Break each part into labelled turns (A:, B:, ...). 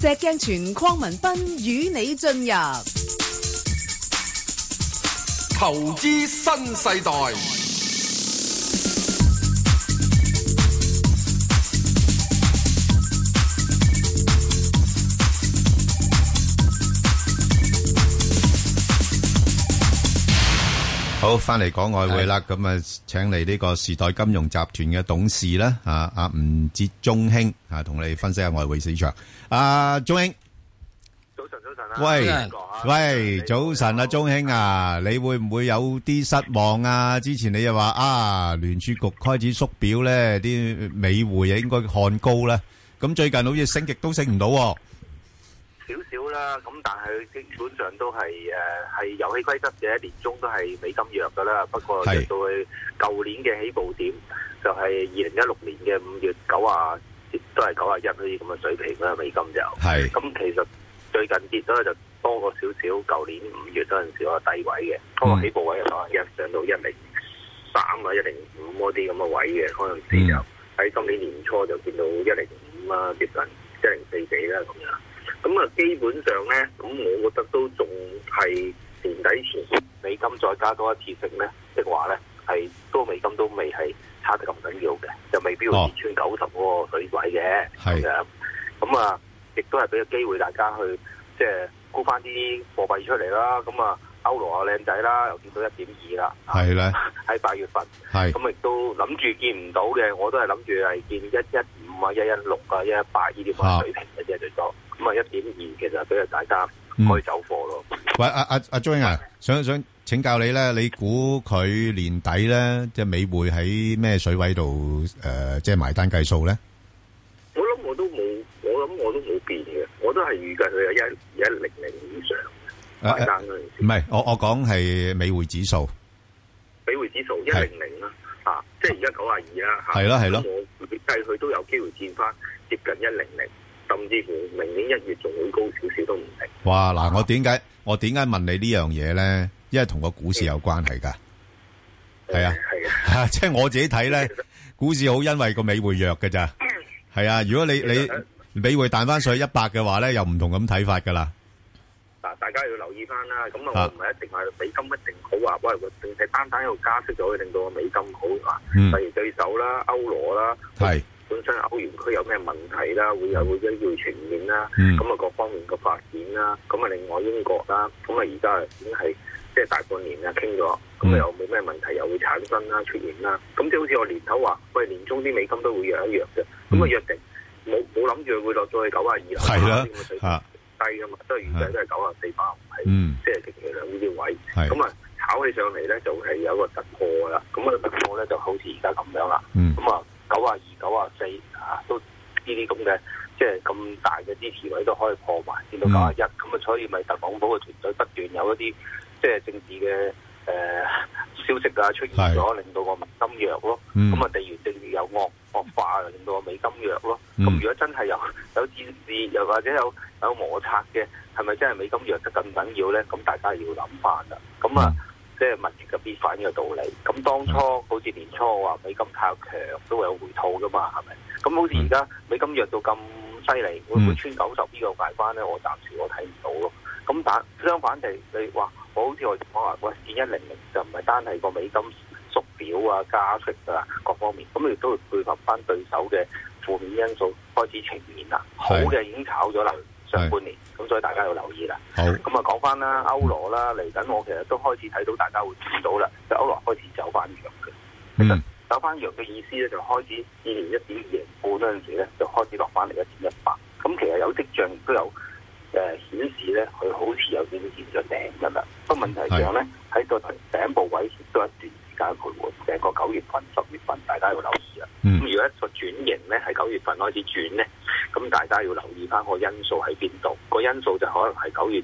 A: 石鏡泉鄺文斌與你進入
B: 投資新世代。
A: 好，翻嚟講外匯啦，咁啊的，請嚟呢個時代金融集團嘅董事啦，啊，阿吳哲中興啊，同你分析下外匯市場。阿中興，早晨早晨啊，喂喂，早晨啊，中興啊，你會唔會有啲失望啊？之前你又話啊，聯儲局開始縮表咧，啲美匯應該看高咧，咁最近好似升極都升唔到，啊。
B: 啊，咁、嗯、但係基本上都係誒係遊戲規則嘅，呃、一年中都係美金弱噶啦。不過跌是到去舊年嘅起步點，就係二零一六年嘅五月九啊，都係九啊一嗰啲咁嘅水平啦，美金就係。咁其實最近跌咗就多過少少，舊年五月嗰陣時我係低位嘅，嗰個起步位可能一上到一零三啊，一零五嗰啲咁嘅位嘅，嗰陣時就喺今年年初就見到一零五啊，接近一零四幾啦咁樣。咁啊，基本上咧，咁我覺得都仲係年底前美金再加多一次息咧，即係話咧，係個美金都未係差得咁緊要嘅，就未必會跌穿九十個水位嘅。係啊、哦是，咁啊、嗯，亦都係俾個機會大家去即係沽翻啲貨幣出嚟啦。咁、嗯、啊，歐羅啊，靚仔啦，又見到一點二啦。
A: 係啦，
B: 喺八月份。係的。咁、嗯、亦都諗住見唔到嘅，我都係諗住係見一一五啊、一一六啊、一一八呢啲水平嘅啫，最多的。嗯咁啊，一點二其實俾啊大家可以走貨
A: 咯。喂，阿阿阿 Joey 啊，想想請教你咧，你估佢年底咧即係美匯喺咩水位度？誒，即係埋單計數咧？
B: 我諗我都冇，我諗我都冇變嘅，我都係預計佢係一而一零零以
A: 上埋單嘅。唔係，我我講係美匯指數，
B: 美匯指數一零零啦，嚇，即係而家九啊二啦，嚇，係咯係咯，我估計佢都有機會見翻接近一零零。甚至
A: 乎明年一月仲會高少少都唔定。哇！嗱，我點解我點解問你呢樣嘢咧？因為同個股市有關係噶，係啊，即係我自己睇咧，股市好因為個美匯弱嘅咋，係啊。如果你你美匯彈翻上去一百嘅話咧，又唔同咁睇法噶啦。
B: 嗱，大家要留意翻啦。咁啊，唔係一定係美金一定好啊。喂，唔係單單一個加息就可以令到個美金好啊。嗯。例如對手啦，歐羅啦，係。本身歐元區有咩問題啦，會有會一會全面啦，咁啊各方面嘅發展啦，咁啊另外英國啦，咁啊而家已經係即係大半年啦傾咗，咁啊又冇咩問題又會產生啦出現啦，咁即係好似我年頭話，喂年中啲美金都會約一約啫，咁啊約定冇冇諗住會落咗去九啊二啦，係啦的，低啊嘛，都係預計都係九啊四百五喺、嗯，即係極其兩呢啲位，咁啊的炒起上嚟咧就係有一個突破
C: 啦，咁啊突破咧就好似而家咁樣啦，咁啊、
B: 嗯。九啊二、九啊四，嚇都呢啲咁嘅，即係咁大嘅支持位都可以破壞、mm，跌到九啊一，咁啊，所以咪特朗普嘅團隊不斷有一啲，即、就、係、是、政治嘅誒、呃、消息啊出現咗，令到個美金弱咯，咁啊、mm，地緣政治又惡惡化，令到個美金弱咯，咁、mm hmm. 如果真係有有戰事，又或者有有摩擦嘅，係咪真係美金弱得更緊要咧？咁大家要諗翻啦，咁啊。Mm hmm. 即係物極必反嘅道理，咁當初好似年初話美金太強，都會有回吐㗎嘛，係咪？咁好似而家美金弱到咁犀利，會唔會穿九十呢個大關咧？我暫時我睇唔到咯。咁但相反地，你話我好似我之前話，喂，見一零零就唔係單係個美金縮表啊、加息啊各方面，咁亦都會配合翻對手嘅負面因素開始呈現啦。嗯、好嘅已經炒咗啦。上半年咁，是所以大家要留意好啦。好咁啊，講翻啦，歐羅啦，嚟緊我其實都開始睇到，大家會見到啦，就歐羅開始走翻弱嘅。嗯、其實走翻弱嘅意思咧，就開始二年一點二零半嗰陣時咧，就開始落翻嚟一點一八。咁其實有跡象都有誒顯、呃、示咧，佢好似有顯現咗頂噶啦。但問題上咧，喺是個頂頂部位都咗一段時間徘徊，成個九月份、十月份，大家要留意啦。咁、嗯、如果一個轉型咧，喺九月份開始轉咧。咁大家要留意翻個因素喺邊度？個因素就可能係九月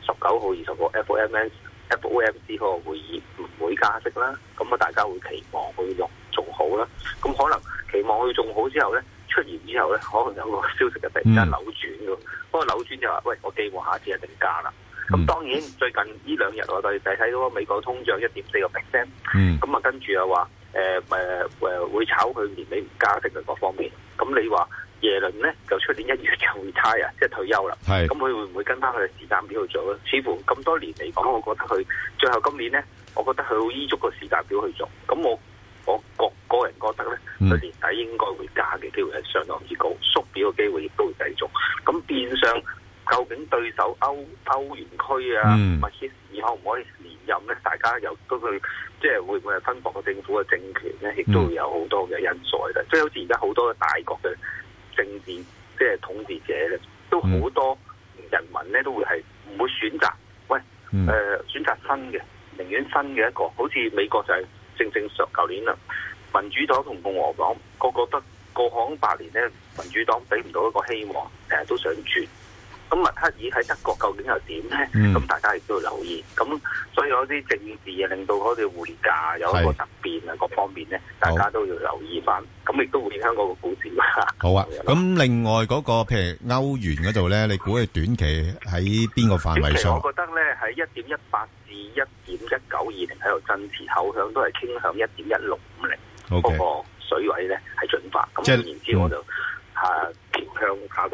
B: 十九號二十號 FOMS、FOMC 個會議唔會加息啦。咁啊，大家會期望去用仲好啦。咁可能期望去仲好之後咧，出現之後咧，可能有個消息就突然間扭轉噶。不過、mm. 扭轉就話、是：喂，我期望下次一定加啦。咁當然最近呢兩日我哋就睇到美國通脹一點四個 percent，咁啊跟住又話誒誒誒會炒佢年尾加息嘅各方面。咁你話？耶倫呢，就出年一月就 retire 啊，即係退休啦。咁佢會唔會跟翻佢嘅時間表去做呢？似乎咁多年嚟講，我覺得佢最後今年呢，我覺得佢好依足個時間表去做。咁我我個人覺得呢，佢年底應該會加嘅機會係相當之高，縮表嘅機會亦都會繼續。咁變相究竟對手歐歐元區啊，默克爾可唔可以連任呢？大家又都去，即係會唔會分薄政府嘅政權呢？亦都會有，多有人、嗯、好在多嘅因素即係好似而家好多嘅大國嘅。政治即係統治者咧，都好多人民咧都會係唔會選擇，喂，誒、嗯呃、選擇新嘅，寧願新嘅一個，好似美國就係、是、正正常舊年啦，民主黨同共和黨個個得過行八年咧，民主黨俾唔到一個希望，日、呃、都想轉。咁默克爾喺德國究竟又點咧？咁、嗯、大家亦都要留意。咁所以有啲政治啊，令到啲匯價有一個突變啊，各方面咧，是面大家都要留意翻。咁亦好都會影響嗰個股市。好啊。
A: 咁另外嗰、那個譬如歐元嗰度咧，你估佢短期喺邊個範圍上？我覺
B: 得咧喺一點一八至一點一九二零喺度震跌口向都係傾向一點一六五
A: 零。O K。
B: 水位咧係進發。即係、就是，然嗯。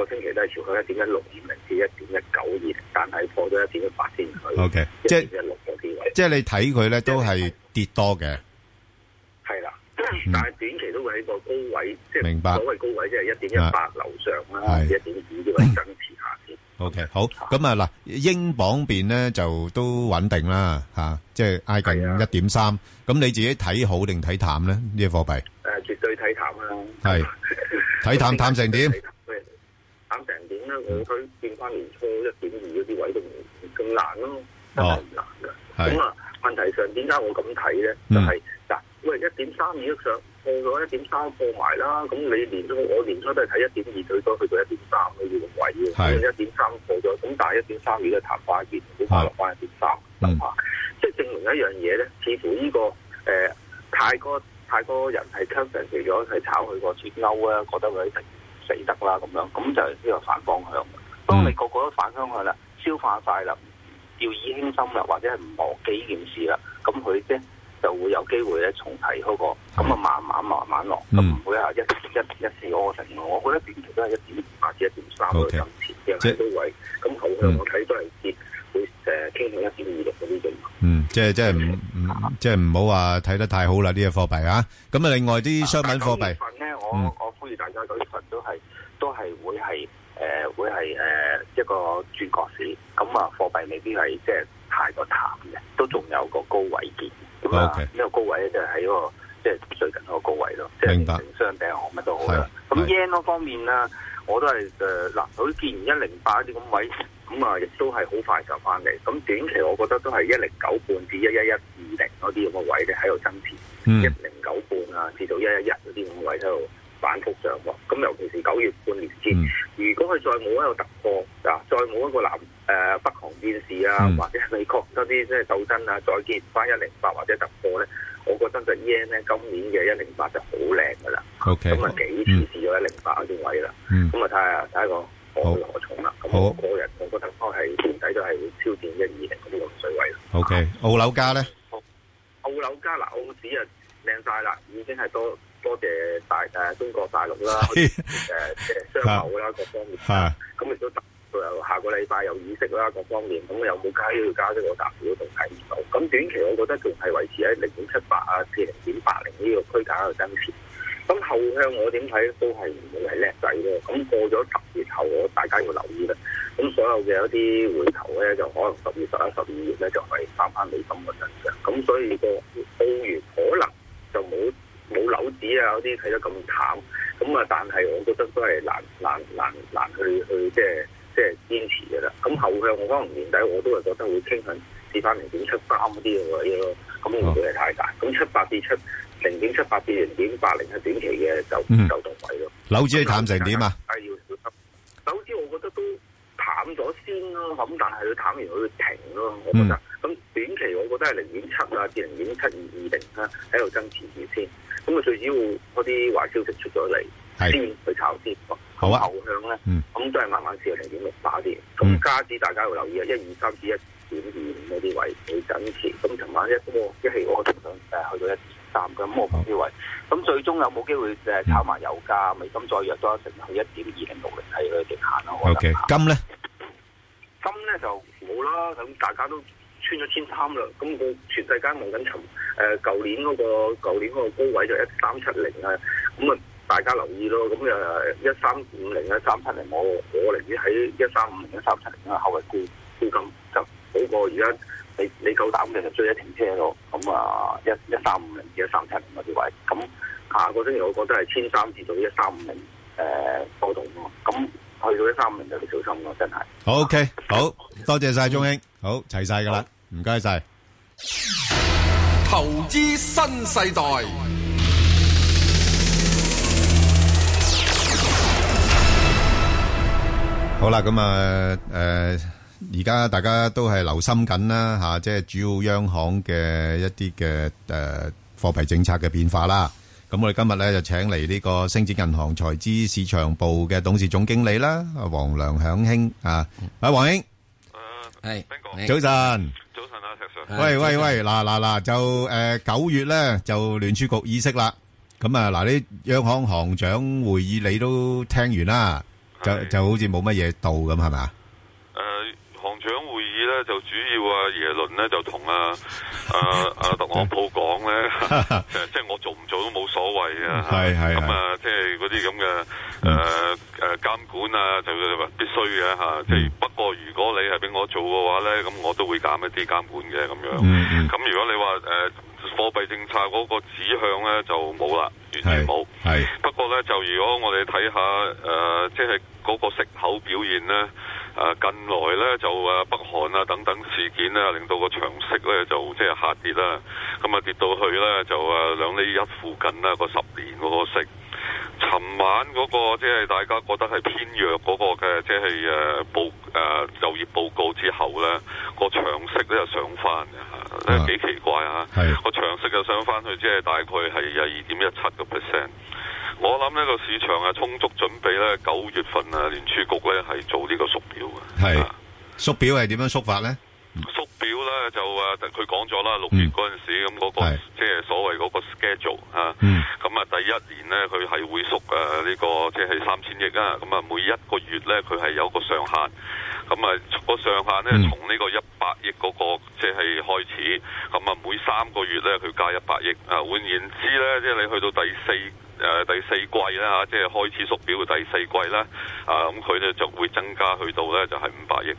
B: 個星期都係朝向一點一六二零至一點一九二零，但係破咗一點一八先去。O K，即係六嗰
A: 啲位，即係你睇佢咧都係跌多嘅，
B: 係啦，但係短期都會喺個高位，即係明白所謂高位，即係一點一八樓上啦，一點五啲位增持下
A: 先。O K，好，咁啊嗱，英鎊邊咧就都穩定啦，吓，即係挨近一點三，咁你自己睇好定睇淡咧呢個貨幣？誒，
B: 絕對睇淡啦，係睇淡淡成點？佢變翻年初一點二嗰啲位都更難咯，唔難嘅。咁啊，是問題上點解我咁睇咧？嗯、就係、是，喂，一點三已經上破咗一點三，破埋啦。咁你年初我年初都係睇一點二，最多去到一點三佢嗰啲位嘅。係一點三破咗，咁、嗯、但係一點三二咧彈翻跌，跌翻落翻一點三。咁、嗯、即係證明一樣嘢咧，似乎呢個誒太過太多人係 conversion 咗，係炒佢個折鈎啊，覺得佢記得啦，咁樣咁就呢、係、個反方向。當你個個,個都反方向啦，消化晒啦，掉以輕心啦，或者係唔忘記呢件事啦，咁佢咧就會有機會咧重提嗰個，咁啊慢慢慢慢落，唔、嗯、會係一、一、一、四成靜。我覺得短期都係一點八至一點三嘅金錢，即係嗰位。咁好向我睇都係跌，會誒傾向
A: 一點二六啲咁。嗯，嗯即係即係唔，即係唔好話睇得太好啦，呢、呢個貨幣啊。咁啊，另外啲商品貨幣咧，我、嗯。嗯
B: 一個轉角市，咁啊貨幣未必係即係太過淡嘅，都仲有個高位見，
A: 咁啊呢個
B: 高位咧就喺個即係最近個高位咯，白即係形成雙頂乜都好啦。咁 yen 的方面咧，我都係誒嗱，佢見完一零八啲咁位，咁啊亦都係好快就翻嚟。咁短期我覺得都係一零九半至一一一二零嗰啲咁嘅位咧喺度增持，一零九半啊至到一一一嗰啲咁位喺度。反覆上㗎，咁尤其是九月半年線，嗯、如果佢再冇一個突破，嗱，再冇一個南誒、呃、北韓電視啊，嗯、或者美國嗰啲即係鬥爭啊，再見翻一零八或者突破咧，我覺得就 E N 咧今年嘅一零八就好靚噶啦。O K，咁啊幾次試咗一零八嗰啲位啦。咁 okay,、嗯、啊睇下睇下個可可重啦。好，個人我個睇法係整體都係會挑戰一二零嗰啲咁水位。
A: O okay , K，澳樓價咧？
B: 澳樓價嗱，澳紙啊靚晒啦，已經係多。多謝大誒中國大陸啦，誒即係商貿啦各方面啦，咁亦都由下個禮拜有議息啦各方面，咁有冇加要加都我暫時仲睇唔到。咁短期我覺得仲係維持喺零點七八啊，至零點八零呢個區間嘅增持。咁後向我點睇都係唔會係叻仔嘅。咁過咗十月後，我大家要留意啦。咁所有嘅一啲回頭咧，就可能十月十一十二月咧就係翻翻尾針嘅陣嘅。咁所以個後期可能就冇。冇樓子啊！嗰啲睇得咁淡，咁啊，但係我覺得都係難難難難，難去去即係即係堅持嘅啦。咁後向我可能年底我都係覺得會傾向至翻零點七三嗰啲位咯。咁唔會係太大。咁七八至七零點七八至零點八零短期嘅就就當位咯。
A: 樓子係淡靜點啊？
B: 係要小心。樓子我覺得都。淡咗、嗯嗯、先咯，咁但係佢淡完佢會停咯，我覺得。咁短期我覺得係零點七啊，至零點七二二零啦，喺度增持住先。咁佢最主要嗰啲壞消息出咗嚟先去炒先，好啊，後向咧，咁都係慢慢試下零點六八啲。咁、嗯、加之大家會留意啊、嗯，一、二、三至一、點二五嗰啲位要緊持。咁尋晚一波一氣我都想誒去到一點三，咁我講啲位。咁、嗯、最終有冇機會誒炒埋油價？美金再約多成去一點二零六零係佢極限咯。OK，金咧。金咧就冇啦，咁大家都穿咗千三啦，咁個全世界望緊尋，誒、呃，舊年嗰、嗰個舊年個高位就一三七零啊，咁啊大家留意咯，咁啊一三五零一三七零我我寧願喺一三五零一三七零啊，後日沽沽咁就好過而家你你夠膽嘅就追一停車咯，咁、嗯、啊一一三五零至一三七零嗰啲位，咁、嗯、下個星期我覺得係千三至到一三五零誒波動咯，咁。去
A: 到一三五零零就小心咯，真係。好 OK，好多謝晒鐘兄，好齊晒噶啦，唔該晒。
B: 投資新世代。
A: 好啦，咁啊，誒，而家大家都係留心緊啦，吓，即係主要央行嘅一啲嘅誒貨幣政策嘅變化啦。咁我哋今日咧就請嚟呢個星展銀行財資市場部嘅董事總經理啦，阿王良享興啊，阿王興，係邊個？早晨，早晨啊，石 Sir。喂喂喂，嗱嗱嗱，就誒九月咧就聯儲局議息啦。咁啊嗱，呢央行行長會議你都聽完啦，就就好似冇乜嘢到咁係咪？
C: 就主要耶呢就啊耶倫咧就同啊啊啊特朗普講咧，啊、 即係我做唔做都冇所謂 啊。係係咁啊，即係嗰啲咁嘅誒誒監管啊，就是、必須嘅吓。即、啊、係、就是嗯、不過如果你係俾我做嘅話咧，咁我都會減一啲監管嘅咁樣。咁、嗯嗯、如果你話誒貨幣政策嗰個指向咧就冇啦，完全冇。係、嗯嗯、不過咧就如果我哋睇下誒，即係嗰個息口表現咧。 誒近來咧就誒北韓啊等等事件咧，令到個長息咧就即係下跌啦。咁啊跌到去咧就誒兩釐一附近啦，個十年個個息。尋晚嗰、那個即係大家覺得係偏弱嗰、那個嘅，即係誒就業報告之後咧，個長息咧又上返，都幾、uh, 奇怪、uh, 啊！個長是息又上返去，即係大概係二點一七個 percent。我諗呢個市場啊，充足準備咧。九月份署呢是啊，聯儲局咧係做呢，呢、嗯嗰個縮表嘅。
A: 係縮表係點樣縮法咧？
C: 縮表咧就誒，佢講咗啦，六月嗰陣時咁嗰個即係所謂嗰個 schedule 啊。咁啊、嗯，第一年咧，佢係會縮誒呢個即係三千億啊。咁啊，每一個月咧，佢係有一個上限。咁、嗯、啊，個上限咧，從呢個一百億嗰、那個即係、即係、開始。咁啊、嗯，每三個月咧，佢加一百億。啊，換言之咧，即係你去到第四。第四誒、呃、第四季啦，即係開始縮表嘅第四季啦。啊，咁佢呢就會增加去到呢，就係五百億。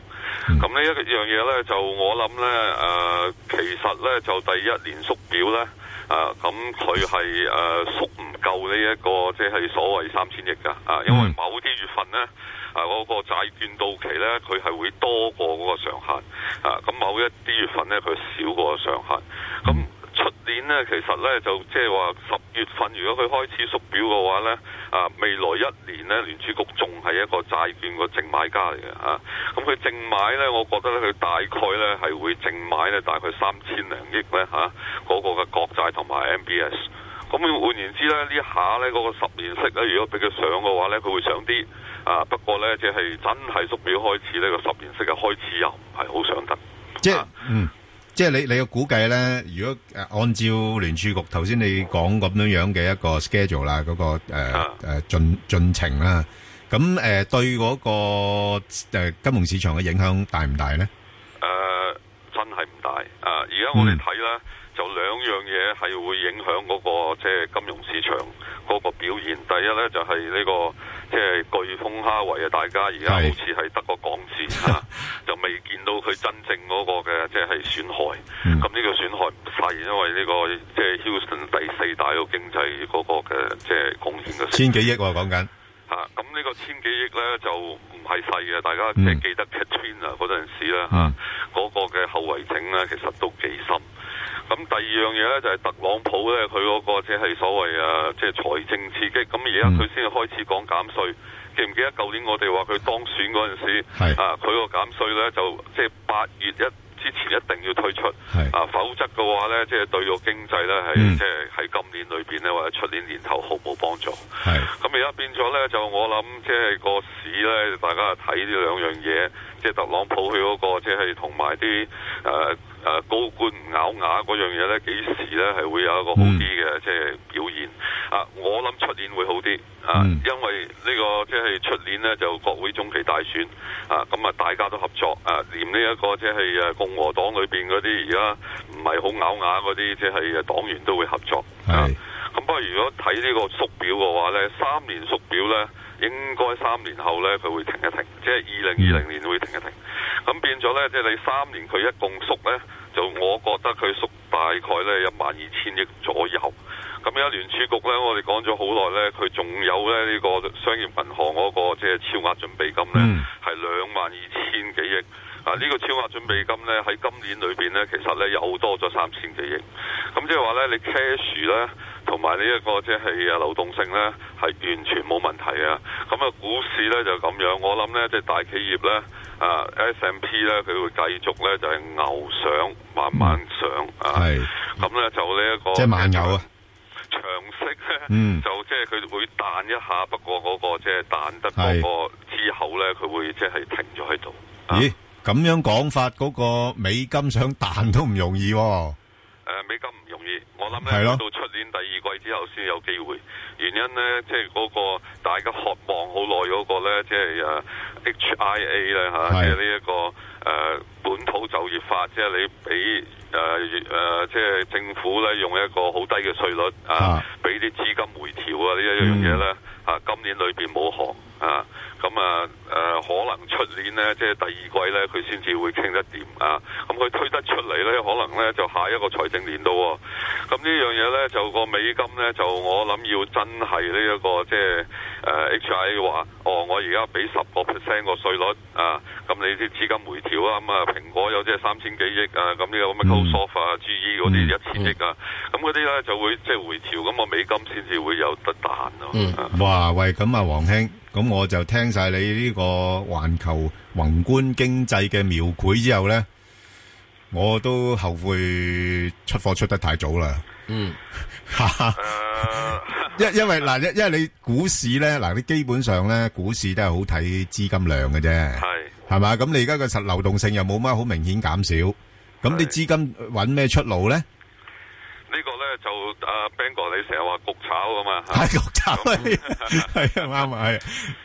C: 咁呢一樣嘢呢，就我諗呢，誒、呃，其實呢，就第一年縮表呢，啊，咁佢係誒縮唔夠呢、呢、一個即係、即係、所謂三千億㗎啊，因為某啲月份呢，啊嗰、嗰個債券到期呢，佢係會多過嗰個上限啊。咁某一啲月份呢，佢少過上限咁。嗯嗯呢，其實呢，就即係話十月份，如果佢開始縮表嘅話呢，啊，未來一年呢，聯儲局仲係一個債券個淨買家嚟嘅吓。咁佢淨買呢，我覺得呢，佢大概呢係會淨買呢，大概三千零億呢，吓。嗰個嘅國債同埋 MBS。咁換言之呢，呢下呢，嗰個十年息呢，如果俾佢上嘅話呢，佢會上啲。啊，不過呢，即係真係縮表開始呢，個十年息嘅開始又唔係好上得，
A: 啊。即，嗯。即係，你你嘅估計咧，如果按照聯儲局頭先你講咁樣樣嘅一個 schedule 啦，嗰個誒誒進進程啦，咁誒對嗰個誒金融市場嘅影響大唔大咧？誒
C: 真係唔大啊！而家我哋睇啦。呢樣嘢係會影響嗰、那個即係、就是、金融市場嗰個表現。第一咧就係呢、這個即係、就是、颶風 Harvey 大家而家好似係得個講字嚇是、 啊，就未見到佢真正嗰個嘅即係損害。咁呢、嗯、個損害唔細，因為呢、這個即、就是、Houston 第四大個經濟嗰、那個嘅即係貢獻嘅
A: 千幾億我講緊
C: 嚇。咁呢、啊、個千幾億咧就唔係細嘅，大家記記得 Katrina 啊嗰陣時啦，嗰、那個嘅後遺症咧其實都幾深。咁第二樣嘢咧就係、是、特朗普咧，佢嗰個即係所謂啊，即、就、係、是、財政刺激。咁而家佢先開始講減稅，嗯、記唔記得舊年我哋話佢當選嗰陣時，是啊佢個減稅咧就即係八月一之前一定要推出，是啊否則嘅話咧即係對個經濟咧係即係喺今年裏邊咧或者出年年頭毫冇幫助。係咁而家變咗咧，就我諗即係個市咧，大家睇呢兩樣嘢，即、就、係、是、特朗普佢嗰個即係同埋啲誒。呃誒、嗯、高官唔咬牙嗰樣嘢咧，幾時咧係會有一個好啲嘅即係表現？啊，我諗出年會好啲啊，嗯、因為、呢個即係、呢個即係出年咧就國會中期大選啊，咁啊大家都合作啊，連呢、呢、一個即係誒共和黨裏邊嗰啲而家唔係好咬牙嗰啲，即係誒黨員都會合作。係。咁、啊、不過如，如果睇呢個縮表嘅話咧，三年縮表咧。應該三年後呢，佢會停一停，即係二零二零年會停一停。咁變咗呢，即係你三年佢一共縮呢，就我覺得佢縮大概呢，一萬二千億左右。咁而家聯儲局呢，我哋講咗好耐呢，佢仲有咧呢、呢個商業銀行嗰個即係超額準備金呢，係兩萬二千幾億。啊，呢個超額準備金呢，喺今年裏邊呢，其實呢又多咗三千幾億。咁即係話呢，你 cash 咧。同埋呢一個即係啊流動性咧，係完全冇問題啊！咁、嗯、啊股市咧就咁樣，我諗咧即係大企業咧啊 S&P 咧佢會繼續咧就係牛上慢慢上、嗯、啊！咁咧就呢一個即係慢牛啊！長息咧，就即係佢會彈一下，不過嗰個即係彈得嗰個是之後咧，佢會即係停咗喺度。
A: 啊、咦？咁樣講法嗰、那個美金想彈都唔容易喎、啊。
C: 我諗咧到出年第二季之後先有機會，原因咧即係嗰個大家渴望好耐嗰個咧，即係啊 HIA 咧嚇，即係呢一個誒、呃、本土就業法，即係你俾誒誒即係政府咧用一個好低嘅稅率啊，俾啲、啊、資金回調呢、嗯、啊呢一樣嘢咧，啊今年裏邊冇行啊，咁啊。可能出年咧，即係第二季咧，佢先至會清得掂啊！咁佢推得出嚟，咧，可能咧就下一個財政年度。咁、啊、呢樣嘢咧，就個美金咧，就我諗要真係呢一個即係誒，H I 話哦，我而家俾十個 percent 個稅率啊！咁你啲資金回調啊，咁啊，蘋果有啲係三千幾億啊，咁、這、呢個乜 Microsoft 啊、G E 嗰啲一千億、嗯、啊，咁嗰啲咧就會即係回調，咁、嗯、啊。美金先至會有得彈咯。
A: 華為咁啊，黃兄。咁我就聽晒你呢個環球宏觀經濟嘅描繪之後呢，我都後悔出貨出得太早啦。嗯，吓，因因為嗱，因為你股市呢，嗱，你基本上呢，股市都係好睇資金量嘅啫，係係嘛。咁你而家嘅實流動性又冇乜好明顯減少，咁啲資金揾咩出路呢？
C: 就阿、呃、Ben 哥，你成日話焗炒噶嘛？係焗炒，係
A: 咁啱啊！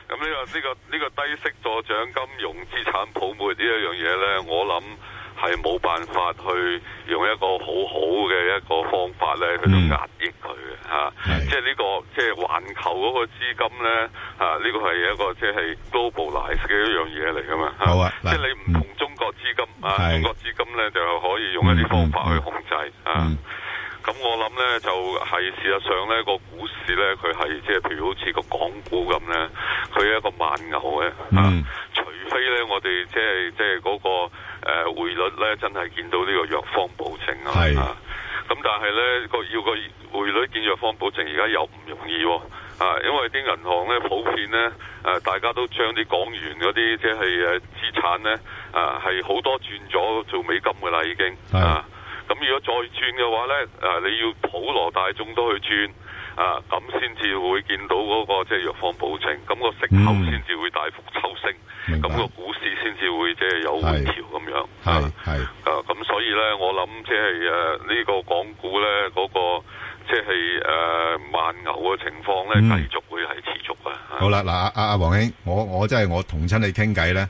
A: 咁呢個呢、這個呢、這個低
C: 息助漲金融資產泡沫呢一樣嘢咧，我諗係冇辦法去用一個好好嘅一個方法咧去到壓抑佢嘅吓。啊嗯、即係、這個就是、呢、啊這個即係環球嗰個資金咧吓，呢個係一個即係 globalise 嘅一樣嘢嚟噶嘛。啊好啊，即係你唔同中國資金、嗯、啊，的中國資金咧就可以用一啲方法去控制啊。嗯咁我諗呢，就係事實上呢個股市呢，佢係即係譬如好似個港股咁呢，佢係一個萬牛嘅，除非呢，我哋即係即係嗰個誒匯率呢，真係見到呢個弱方保證咯。咁但係呢個要個匯率見弱方保證，而家又唔容易喎，啊，因為啲銀行呢，普遍呢，誒大家都將啲港元嗰啲即係誒資產咧啊係好多轉咗做美金噶啦已經。咁如果再轉嘅話咧，誒你要普羅大眾都去轉啊，咁先至會見到嗰、那個即係、就是、藥方保證，咁個息頭先至會大幅抽升，咁、嗯、個股市先至會即係、就是、有回調咁是樣。係係啊，咁所以咧，我諗即係誒呢個港股咧嗰、那個即係誒慢牛嘅情況咧，繼續會係持續、嗯
A: 嗯、啊。好啦，嗱阿阿黃兄，我我即係我同親、就是、你傾偈咧，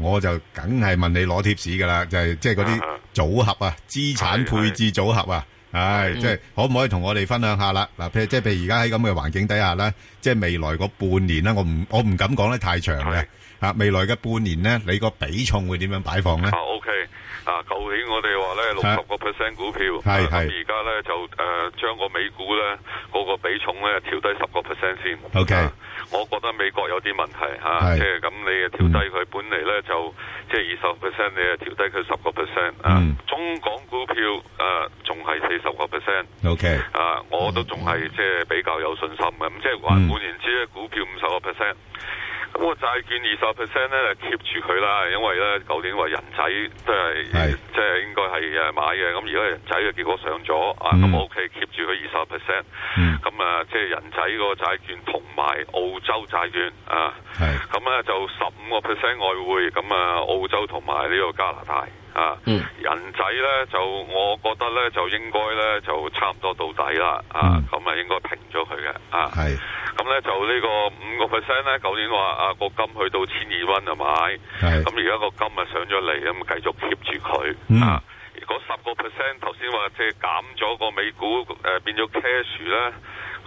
A: 我就梗係問你攞貼士噶啦，就係即係嗰啲。就是就是 組合啊，資產配置組合啊，唉，即係可唔可以同我哋分享下啦？嗱，譬如即係譬如而家喺咁嘅環境底下咧，即係未來嗰半年咧，我唔我唔敢講得太長嘅嚇的、啊。未來嘅半年咧，你個比重會點樣擺放咧？
C: 嗱，舊年、啊、我哋話咧六十個 percent 股票，咁而家咧就誒將、呃、個美股咧嗰、那個比重咧調低十個 percent 先。O Okay . K，、啊、我覺得美國有啲問題嚇，即係咁你調低佢，本嚟咧就即係二十 percent，你誒調低佢十個 percent。啊、嗯，中港股票誒、啊、仲係四十個 percent。O Okay . K，啊，我都仲係即係比較有信心嘅，咁即係換言之咧，股票五十個 percent。咁個債券二十 percent 咧，就 keep 住佢啦，因為咧舊年話人仔都係，是即係應該係誒買嘅，咁而家人仔嘅結果上咗，啊咁 ok，keep 住佢二十 percent，咁啊即係人仔個債券同埋澳洲債券啊，咁咧就十五個 percent 外匯，咁啊澳洲同埋呢個加拿大。啊，嗯、人仔咧就我覺得咧就應該咧就差唔多到底啦，嗯、啊，咁啊應該平咗佢嘅。是啊，係，咁咧就呢個五個 percent 咧，究竟話啊個金去到千二蚊係咪？咁而家個金上，嗯、啊上咗嚟，咁啊繼續貼住佢，啊，如果十個 percent 頭先話即係減咗個美股誒變咗 cash 咧，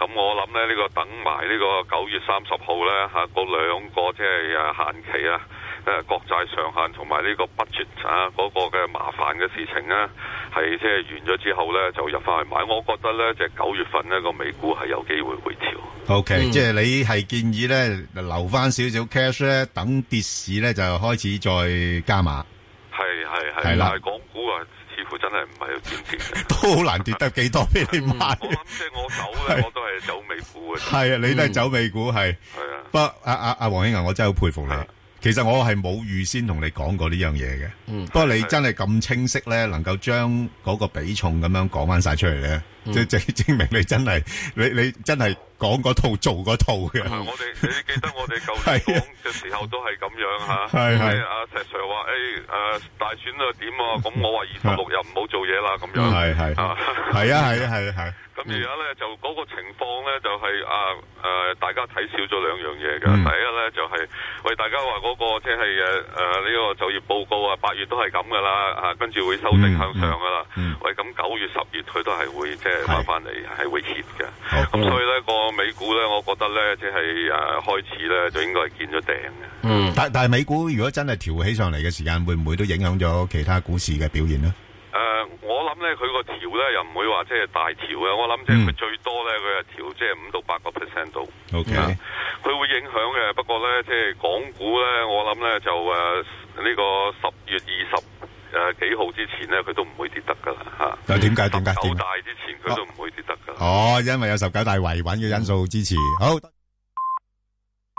C: 咁我諗咧呢個等埋呢個九月三十號咧吓嗰兩個即係誒限期啦。誒國債上限同埋呢個 budget 啊嗰、那個嘅麻煩嘅事情咧、啊，係即係完咗之後咧就入翻去買。我覺得咧，就九、是、月份咧個美股係有機會回調。OK，、嗯、即係你
A: 係建議咧留翻少少 cash 咧，等跌市咧就開始再加碼。
C: 係係係啦，港股啊，似乎真係唔係點跌都好難跌得幾多俾你買。我諗即係我走咧，我都係走美股嘅。係、嗯、啊，你都係走美股係。係啊，不
A: 阿阿阿黃興啊，我真係好佩服你。其實我係冇預先同你講過呢樣嘢嘅，嗯、不過你真係咁清晰呢，的能夠將嗰個比重咁樣講返晒出嚟呢，即係、嗯、證明你真係你你真係，講嗰套做嗰套嘅， 我哋你
C: 記得我哋舊年講嘅時候都係咁樣吓、啊，咁咩的的阿石 Sir Sir 話誒誒大選啊點啊，咁我話二十六日唔好 做嘢啦咁樣，係係、嗯，係
A: 啊係啊係啊係，
C: 咁而家咧就嗰個情況咧就係啊誒大家睇少咗兩樣嘢嘅，嗯、第一咧就係、是、喂大家話嗰、那個即係誒誒呢個就業報告啊，八月都係咁噶啦吓，跟住會收升向上噶啦，喂咁九月十月佢都係會即係翻翻嚟係會 heat 嘅，咁所以咧個。個美股咧，我覺得咧，即係誒開始咧，就應該係見咗頂嘅。嗯，
A: 但但係美股如果真係調起上嚟嘅時間，會唔會都影響咗其他股市嘅表現呢？誒、
C: 呃，我諗咧，佢個調咧又唔會話即係大調嘅。我諗即係佢最多咧，佢係調即係五到八個 percent 度。OK，佢會影響嘅，不過咧即係港股咧，我諗咧就誒呢、uh, 個十月二十。誒、呃，幾號之前咧，佢都唔會跌得噶啦吓。又點解？點解？十九大之前佢，啊，都唔會
A: 跌得噶。哦，因為有十九大維穩嘅因素支持。好。